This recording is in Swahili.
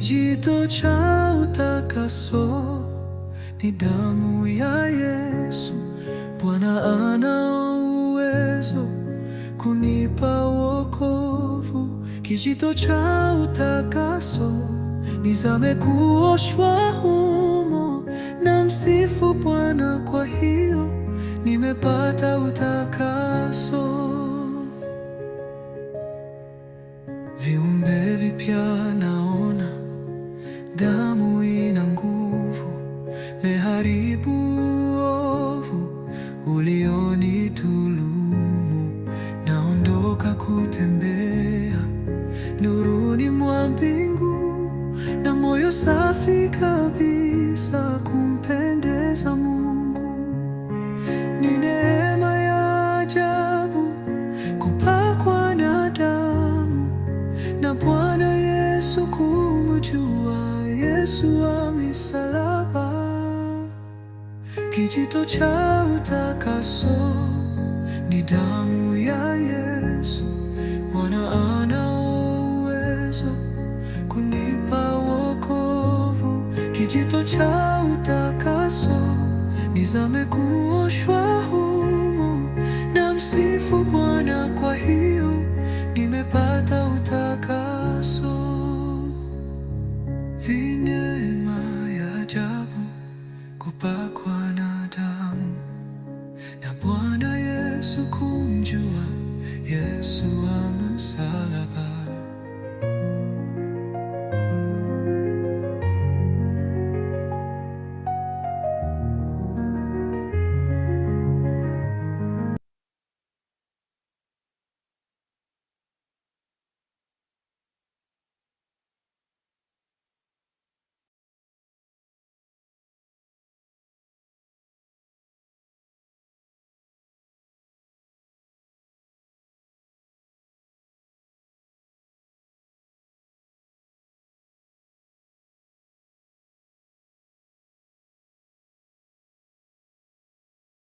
Kijito cha utakaso ni damu ya Yesu. Bwana ana uwezo kunipa wokovu. Kijito cha utakaso nizame kuoshwa humo, na msifu Bwana. Kwa hiyo nimepata utakaso, viumbe vipya Damu ina nguvu, meharibu ovu ulionitulumu. Naondoka kutembea nuruni mwa mbingu, na moyo safi kabisa kumpendeza Kijito cha utakaso ni damu ya Yesu. Bwana ana uwezo kunipa wokovu. Kijito cha utakaso nizame kuoshwa humo na msifu Bwana. Kwa hiyo nimepata utakaso, vinema ya ajabu kupa